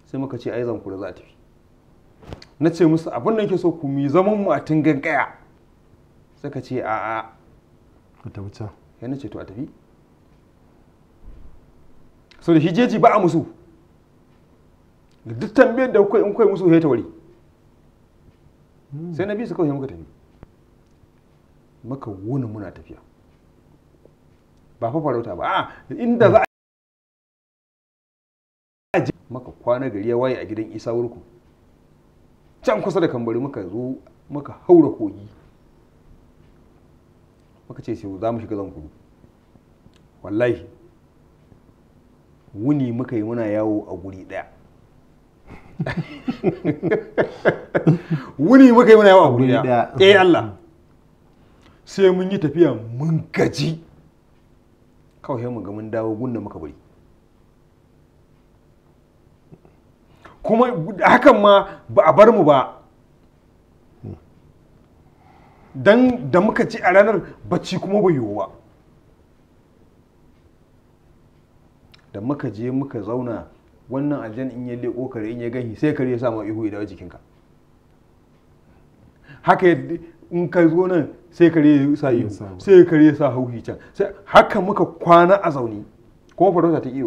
sai muka ce ai zan kura za a tafi na ce musu abin da ke so ku mi zaman mu a tingan kaya ka ce a a ku tafi can ya na ce to a tafi so da hijeji ba a musu da duk tambayar da kuka in kai musu ya tawari sai na bi su kawai muka tafi maka wuni muna tafiya ba fa farauta ba a inda za a maka kwana gari ya waye a gidan isa wurku can kusa da kambari muka zo muka haura kogi muka ce sai za mu shiga zan kudu wallahi wuni muka yi muna yawo a guri daya. [LAUGHS] wuni muka yi muna yawo a guri daya. eh Allah sai mun yi tafiya mun gaji kawai mun ga mun dawo gunna muka bari kuma hakan ma ba a bar mu ba don da muka ci a ranar bacci kuma bai yiwu ba da muka je muka zauna wannan aljan in yalle leƙo kare in ya gani sai kare ya samu ihu idan jikinka haka in ka zo nan sai kare ya sa ihu sai kare ya sa hauhi can haka muka kwana a zaune kuma farauta ta iya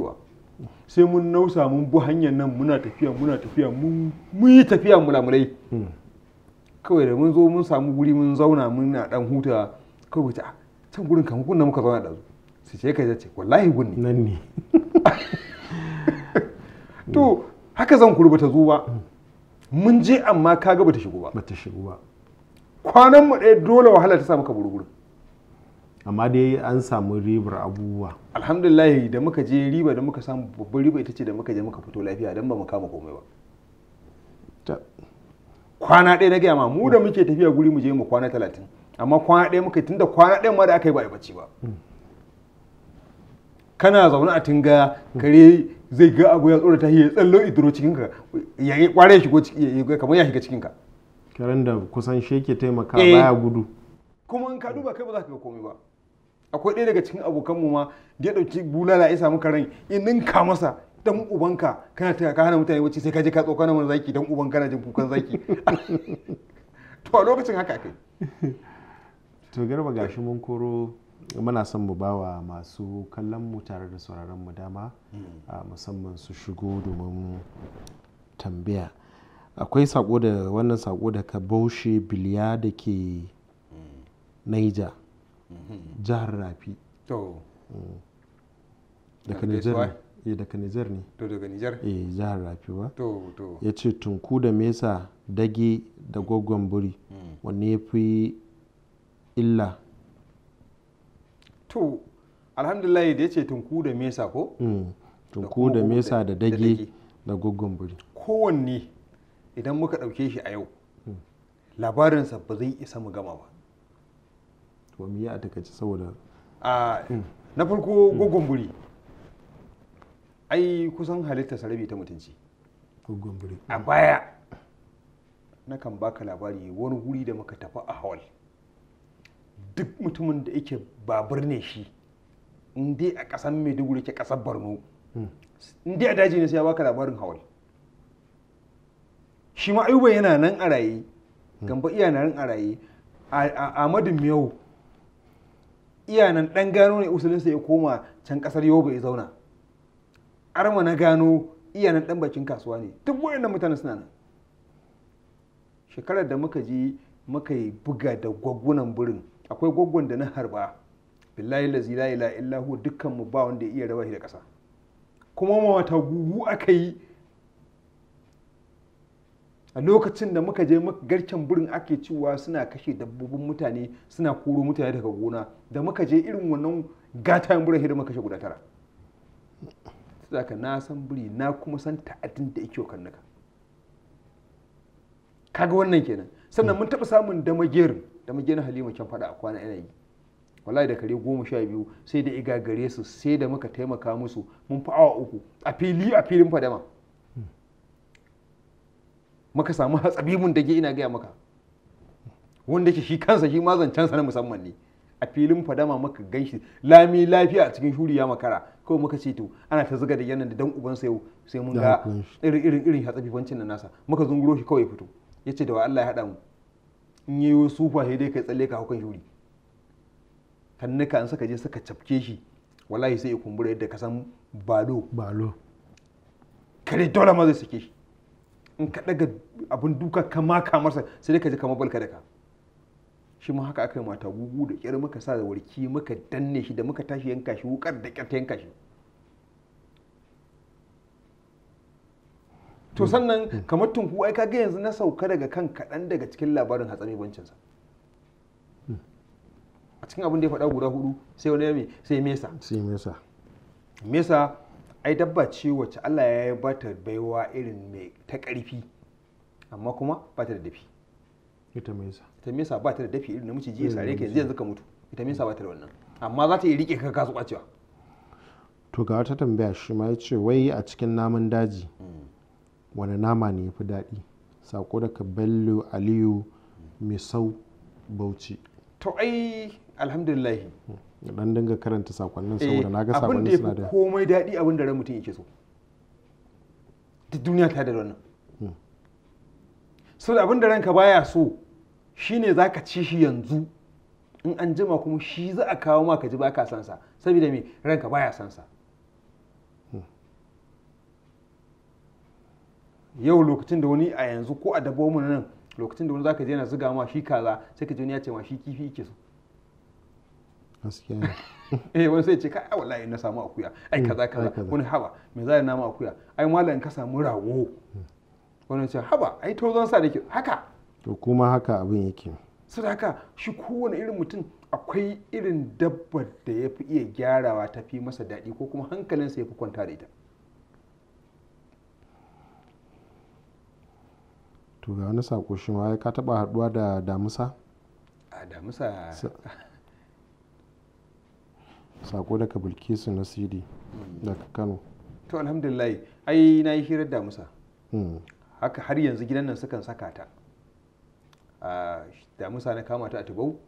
sai mun nausa mun bu hanyar nan muna tafiya muna tafiya mun yi tafiya mulamurai kawai da mun zo mun samu guri mun zauna muna dan huta kawai wuce ah, can gurin kamar gunna muka zauna da su ce kai zace wallahi gunni nan ne [LAUGHS] to haka zan kuri bata zo ba mun je amma kaga bata shigo ba bata shigo ba kwanan mu ɗaya dole wahala ta sa muka buru gurin amma dai an samu ribar abubuwa alhamdulillah da muka je riba da muka samu babban riba ita ce da muka je muka fito lafiya don ba mu kama komai ba kwana ɗaya na gaya ma mu da muke tafiya guri mu je mu kwana talatin amma kwana ɗaya muka tunda kwana ɗaya ma da aka yi ba a bacci ba hmm. kana zaune a tinga kare zai ga abu ya tsora ta ya tsallo idiro cikin ka ya kware ya shigo kamar ya shiga cikin ka karen da kusan sheke taimaka eh. baya gudu kuma in ka duba kai ba za ka ga komai ba akwai ɗaya daga cikin abokanmu ma da ya ɗauki bulala ya samu karen ya ninka masa dan ubanka kana ta ka hana mutane wacce sai ka je ka tsoka na zaki dan uban kana jin kukan zaki [LAUGHS] to a lokacin haka kai [LAUGHS] to garba gashi mun koro muna son mu bawa masu kallon mu tare da sauraron mu dama hmm. musamman su shigo domin tambaya akwai sako da wannan sako da ka baushe biliya da ke hmm. naija jihar rafi eh, daga nijar ne eh, daga nijar ne to daga nijar eh jihar rafi ba to to ya ce tunku da mesa dage da gwaggon buri hmm. wanne ya fi illa to alhamdulillah da ya ce tunku da mesa ko hmm. tunku da mesa da dage da gwaggon buri kowanne idan muka ɗauke shi a yau hmm. labarinsa ba zai isa mu gama ba to mu yi a takaice saboda mm. na farko mm. gogon buri ai kusan halitta sarabi ta mutunci gogon buri a baya nakan baka labari wani guri da muka tafi a hawal duk mutumin da yake babur ne shi in a ƙasar maiduguri ke kasar borno mm. inda a daji ne sai ya baka labarin hawal shi ma ayuba yana nan a raye gamba iya nan a raye a madin miyau iyanan ɗan gano ne usulinsa ya koma can ƙasar yoba ya zauna arma na gano iyanan ɗan bakin kasuwa ne duk waɗannan mutane suna nan shekarar da muka je muka yi buga da gwaggunan birin akwai gwaggon da na harba billahi la ilaha illahu dukkan mu ba wanda ya iya rawa da ƙasa kuma ma wata gugu aka yi a lokacin da muka je garken burin ake cewa suna kashe dabbobin mutane suna koro mutane daga gona da muka je irin wannan gata burin hidima kashe guda tara saka na san buri na kuma san ta'adin da yake kan naka kaga wannan kenan sannan mun taɓa samun damagerin damagerin halima can faɗa a kwana yana yi wallahi da kare goma sha biyu sai da iga gare su sai da muka taimaka musu mun fa'awa awa uku a fili a filin fadama maka samu hatsabi da ke ina gaya maka wanda ke shi kansa shi ma sa na musamman ne a filin fadama maka ganshi lami lafiya a cikin shuri ya makara kawai maka ce to ana ta zuga da yanan da dan uban sayo sai mun ga irin irin irin wancin na nasa maka zunguro shi kawai fito ya ce da wa Allah ya hada mu in yayo sufa sai dai kai tsalle ka hukan shuri kannuka an saka je suka cafke shi wallahi sai ya kumbura yadda ka san balo balo kare dole ma zai sake shi in ka daga abin duka ka maka masa sai dai ka ji kamar balka da ka shi ma haka aka yi mata gugu da kyar muka sa da warki muka danne shi da muka tashi yanka shi wukar da kyar ta yanka shi to mm. sannan mm. kamar tunku ai ka ga yanzu na sauka daga kan kaɗan daga cikin labarin hatsari bancinsa mm. a cikin abin da ya faɗa guda hudu sai wani yami mesa sai mesa mesa ai dabba ce wacce Allah ya yi ba ta baiwa irin mai ta ƙarfi amma kuma ba ta da dafi ita mesa ita mesa ba ta da dafi irin na jiya ya sare ka yanzu ka mutu ita mesa ba ta da wannan amma za ta yi rike ka kasu kwacewa to ga wata tambaya shi ma ya ce wai a cikin namun daji hmm. wani nama ne ya fi daɗi sako daga bello aliyu misau bauchi to ai Alhamdulillah. Hmm. dan dinga karanta sakonnin eh, saboda na ga sakonnin suna da komai daɗi abin da ran mutum yake so duk duniya ta da wannan hmm. so da abin da ranka baya so shine zaka ci shi yanzu in an jima kuma shi za a kawo maka ji baka san sa saboda me ranka baya san sa hmm. yau lokacin da wani a yanzu ko a dabbobin nan lokacin da wani zaka je na zuga ma shi kaza sai ka ji wani ya ce ma shi kifi yake so gaskiya [LAUGHS] eh wani sai ce ka, a wallahi na samu akuya ai kaza mm, kaza wani haba me za na mu akuya ai malam ka samu rago mm. wani ce haba ai to zan sa dake haka to kuma haka abin yake su haka shi kowane irin mutum akwai irin dabbar da ya fi iya gyarawa ta fi masa daɗi ko kuma hankalinsa ya fi kwanta da ita to ga wani sako shi ma ka taɓa haɗuwa da damusa a damusa [LAUGHS] sako daga bilkisu na cd daga kano to alhamdulillah ai na yi hirar da musa hmm. haka har yanzu gidan nan sukan saka ta da musa na kama ta a tubau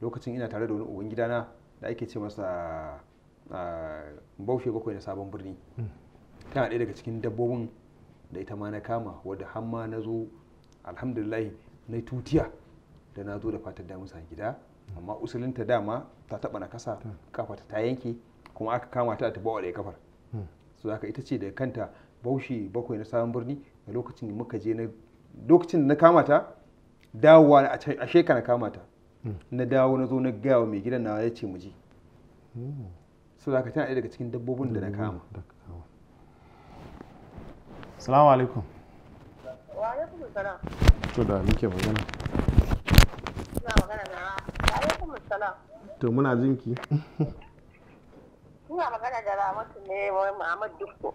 lokacin ina tare da wani uban gidana da ake ce masa a baushe bakwai na sabon birni hmm. tana ɗaya daga cikin dabbobin da ita ma na kama wadda hamma na zo alhamdulillah na tutiya da na zo da fatar musa gida amma usulinta dama ta taba na kasa kafata hmm. ta yanke kuma aka kama ta ta bawa da kafar hmm. so haka ita ce da kanta baushi bakwai na sabon birni da lokacin muka je na lokacin da na kama ta dawowa a sheka na kama ta hmm. na dawo na zo na gaya wa mai gidan na ya ce mu je so haka tana daga cikin dabbobin da na kama salamu alaikum wa alaikum salam to da muke magana ina magana alaikum salam to muna jinki ina magana da ramatu ne wai muhammad dukko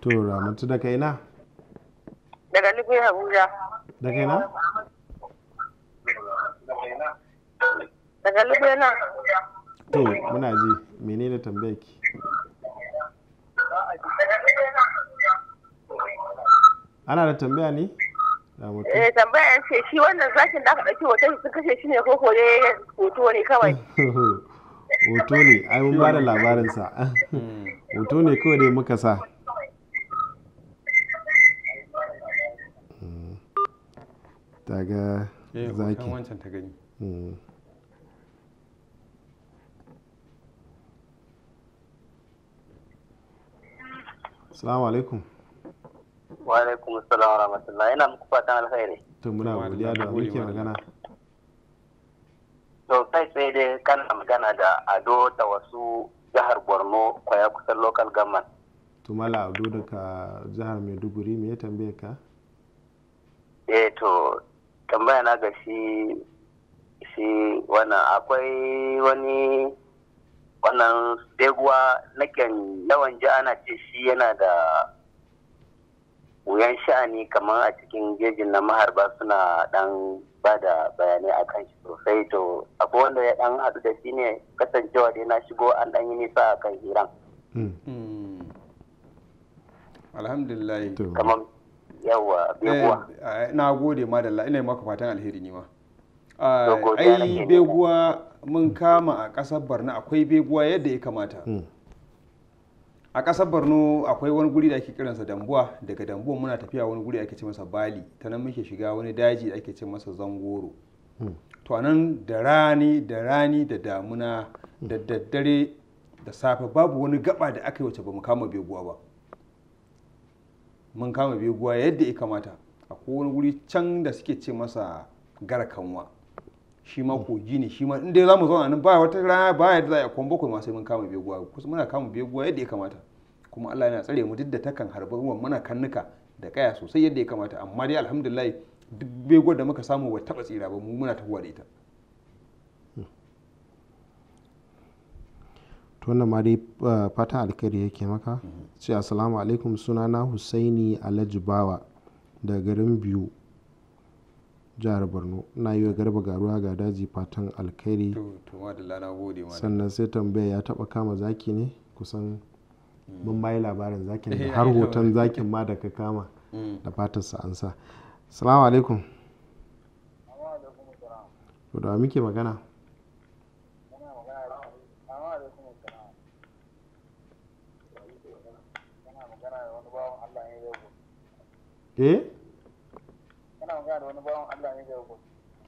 to ramatu da kaina daga lagos abuja da kaina daga lagos na to muna ji menene tambayar ki ana da tambaya ne Eh tambaya ce shi wannan zakin da aka ɗauki hoton sun kashe shi ne ko hoto ne kawai. [LAUGHS] [LAUGHS] Hoto ne, kawai dai muka sa. Hmm. Eh, hmm. alaikum. wa alaikum assalam wa rahmatullah yana muku fatan alkhairi to muna godiya da muke magana to kai tsaye dai kana magana da ado ta wasu jihar borno kwaya kusan local government to mala ado daga jihar maiduguri me ya tambaye ka eh to tambaya na ga shi shi wannan akwai wani wannan deguwa nakan yawan ji ana ce shi yana da wuyan sha'ani kamar a cikin jejin na maharba suna dan ba da bayanai a kan shi sosai to akwai wanda ya dan haɗu da shi ne kasancewa dai na shigo an dan yi nisa a kan hiran hmm. Hmm. alhamdulillah kamar yawa beguwa eh, na gode madalla ina maka fatan alheri ne ma ah, ai beguwa mun kama a ƙasar barna akwai beguwa yadda ya kamata hmm. a ƙasar borno akwai wani guri da ake kiransa dambuwa daga dambuwa muna tafiya wani guri ake ce masa bali ta nan muke shiga wani daji da ake ce masa zangoro hmm. to nan da rani da rani da damuna hmm. da daddare da safe babu wani gaba da aka yi wace mu kama beguwa ba mun kama beguwa yadda ya kamata akwai wani guri can da suke ce masa kanwa. shi ma kogi ne shi ma in dai zamu zauna nan ba wata rana ba yadda za a kwambo bakwai ma sai mun kama beguwa kusa muna kama beguwa yadda ya kamata kuma Allah yana tsare mu duk da takan harba ruwan muna kannuka da kaya sosai yadda ya kamata amma dai alhamdulillah duk beguwar da muka samu ba taba tsira ba mu muna tafiya da ita to wannan ma dai eh, fatan alkhairi yake maka ce mhm. assalamu alaikum sunana husaini alajibawa da garin biyu jihar borno na yi wa garba garuwa ga daji fatan alkhairi sannan sai tambaya ya taba kama zaki ne kusan mm. mun bayi labarin zakin [LAUGHS] da har hoton zakin ma da ka kama mm. da fatar sa salamu alaikum to da muke magana eh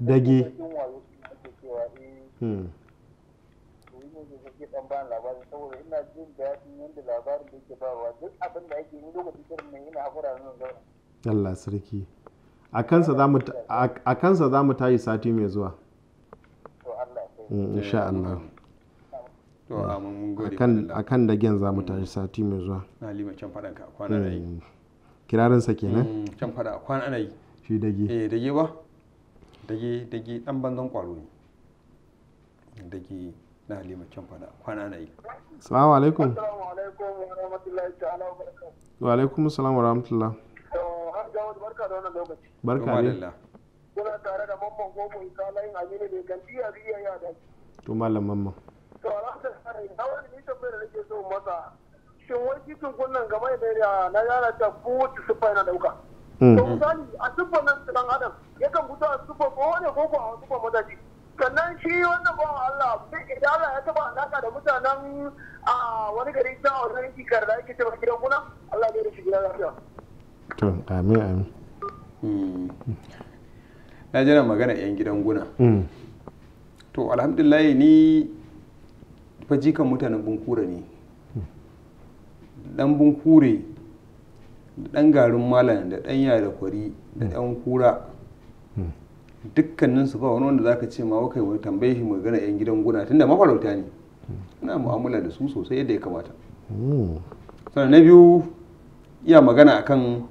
dage eh, hmm. dan Allah sarki. A kansa za mu tayi sati mai zuwa. Insha Allah. A kan dagen za mu tashi sati mai zuwa. Hmm, hmm. Na lima can Can fada Shi dage eh, ba? dage dage dan banzan kwaro ne dage na halima can fada kwana na yi salamu alaikum wa alaikum salam wa rahmatullah barka da wannan lokaci barka ne kuna tare da mamman gogo isa layin aminu ne ganti ya riya ya da to malam mamman to na wani ni tambayar da nake so masa shin wai titin kunnan game da na yana ta ko na dauka to mm. misali a siffar nan dan adam yakan fito a siffar ko wani ko a siffar matashi sannan shi wannan ba Allah idan Allah ya taba alaka da mutanen a wani gari ta a wani kikar da ake cewa gidan kuna Allah ya rufe gidan lafiya to amin amin hmm. na jira magana yan gidan guna mm. to alhamdulillahi ni fa jikan mutanen bunkure ne mm. dan bunkure da ɗan garin malam da ɗan yaya da kwari da hmm. ɗan kura hmm. dukkaninsu ba wani wanda zaka ce ma kai wani tambaye shi magana yan gidan tun da mafarauta ne hmm. ina mu'amala da su sosai yadda ya kamata sannan na biyu iya magana akan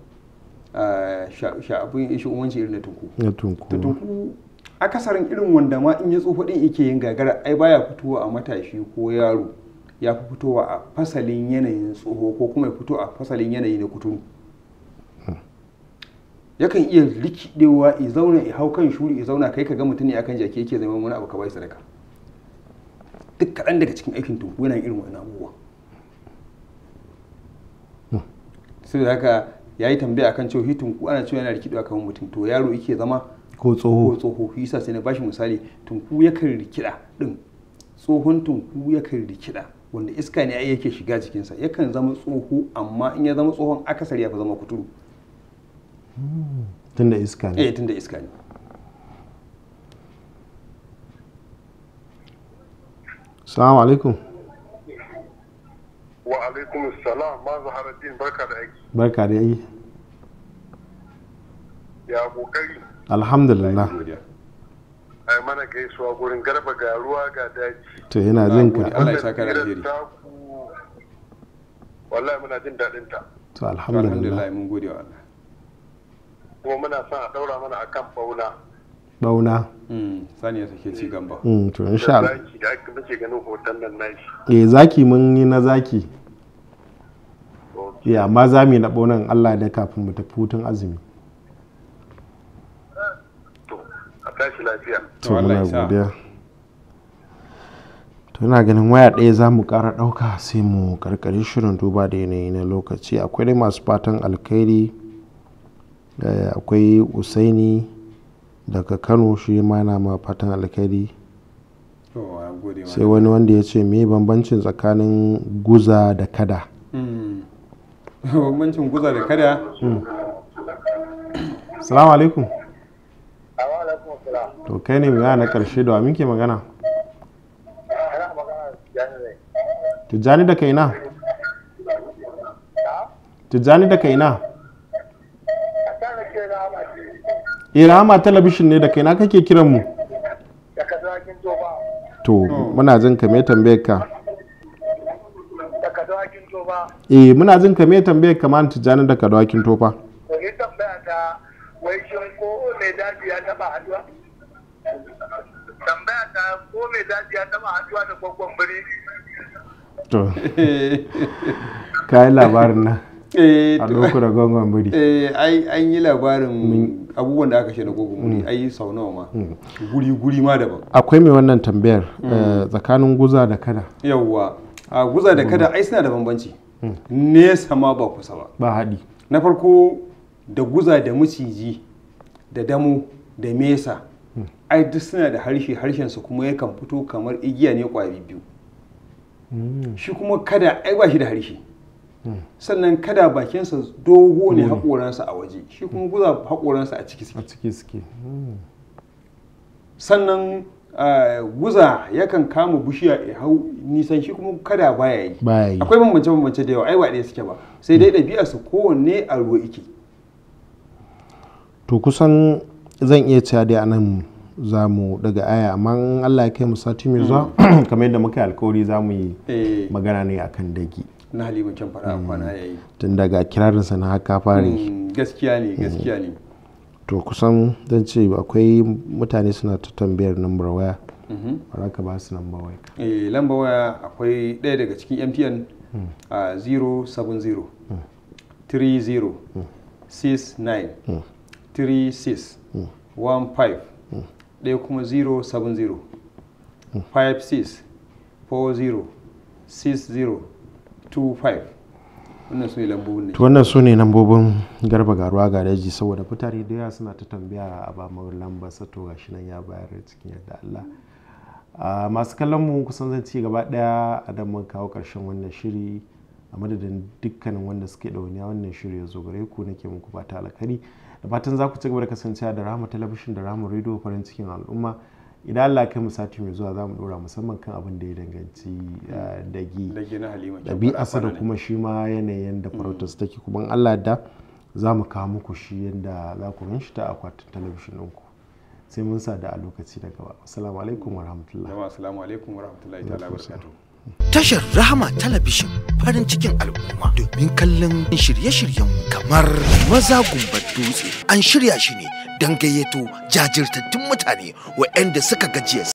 sha'afin ishi umarci irin na tunku na tunku akasarin irin wanda ma in ya tsufa din yake yin gagara ai baya fitowa a matashi ko yaro ya fi fitowa a fasalin yanayin tsoho ko kuma ya fito a fasalin yanayi na kuturu yakan iya rikidewa ya zauna ya hau kan shuri ya zauna kai ka ga mutum ne akan jaki yake zama wani abu ka bai sadaka duk kaɗan daga cikin aikin tunku yana irin wani abubuwa hmm. da haka ya yi tambaya akan cewa ku ana cewa yana rikidewa kamar mutum to yaro yake zama ko tsoho ko tsoho hisa sai na bashi misali tunku yakan rikida din tsohon tunku yakan rikida wanda iska ne ai yake shiga jikinsa yakan zama tsoho amma in ya zama tsohon akasari ya fi zama kuturu tunda iska ne eh tunda iska ne Assalamu alaikum. Wa alaikum barka da aiki. Barka da Ya kokari. Alhamdulillah. Ai mana gaisuwa gurin garba ga ruwa ga daji. To yana jin ka. Allah ya saka alheri. Wallahi muna jin ta. To Alhamdulillah mun gode wa Allah. kuma muna son a ɗaura mana akan bauna bauna hmm, saniya take ci gamba hmm, to sha Allah da muke ganin hoton nan nashi eh zaki mun yi na zaki ya eh, amma za mu yi na ɓaunan Allah da kafin mu tafi hutun azumi to a tashi lafiya to ina ganin waya ɗaya za mu ƙara ɗauka sai mu karkari shirin duba da yanayi na lokaci akwai dai masu fatan alkhairi Eh, akwai usaini daga kano shi ma na ma fatan alkhairi sai wani wanda ya ce me bambancin tsakanin guza da kada hmm. [LAUGHS] bambancin guza da kada hmm. salamu alaikum to kai ne mai na karshe da aminke magana tijjani da kaina tijjani da kaina irama talabishin ne da kai na kake kiran mu to muna jin ka me tambayar ka eh muna jin ka me tambayar ka man tijani da kadawakin tofa ko mai daji ya taba haduwa ta ko mai da gwaggon biri to [LAUGHS] kayi labarin nan Eh, a ɗauku da gongon biri eh, an yi labarin abubuwan da aka ce da gongon biri mm. ai sau nawa ma mm. guri guri ma daban akwai mai wannan tambayar mm. eh, tsakanin guza da kada yawwa a guza da kada ai suna da bambanci nesa ma ba kusa ba ba haɗi na farko da guza da maciji da damo da mesa ai duk suna da harshe harshen su kuma yakan fito kamar igiya ne kwari biyu shi kuma kada ai ba shi da harshe sannan kada bakinsa dogo ne haƙoransa a waje shi kuma guza haƙoransa a ciki suke hmm. sannan guza yakan kama bishiya ya hau nisan shi kuma kada baya yi akwai bambance bambance da yawa ai ba ɗaya suke ba sai dai hmm. ɗabi'a su kowanne a ruwa ike to kusan zan iya cewa dai anan za mu daga aya amma in Allah ya kai mu sati mai zuwa hmm. [CLEARS THROAT] kamar yadda muka alkawari za mu yi eh. magana ne akan dagi na halima can fara mm. kwana yayi tun daga kirarinsa na haka fari mm, gaskiya ne mm. gaskiya ne to kusan zan ce akwai mutane suna ta tambayar lambar waya mm-hmm. ba ka ba su lambar waya eh lambar waya akwai ɗaya daga cikin mtn a 070 30 69 36 15 ɗaya kuma 070 56 60 25 wannan su ne lambobin to wannan su ne lambobin garba garuwa gareji saboda mutane da yawa suna ta tambaya a ba mu lambar sato gashi nan ya bayar cikin yadda Allah masu kallon mu kusan zan ci gaba daya a dan mun kawo karshen wannan shiri a madadin dukkanin wanda suke dauniya wannan shiri ya zo gare ku nake muku fata alkari da fatan za ku ci gaba da kasancewa da rahama talabishin da rahama rediyo farin cikin al'umma idan Allah kai mu sati mai zuwa zamu dora musamman kan abin da ya danganci eh, dagi ɗabi'arsa da kuma shi ma yanayin da mm. farautarsa take kuma Allah da za mu kawo muku shi yadda za ku gan shi ta akwatin talabishin ku sai mun sa da a lokaci da gaba assalamu alaikum wa rahmatullah assalamu alaikum wa rahmatullahi ta tashar rahama talabishin farin cikin al'umma domin kallon shirye-shiryen kamar maza gumbar dutse an shirya shi ne don gayyato jajirtattun mutane enda suka gajiya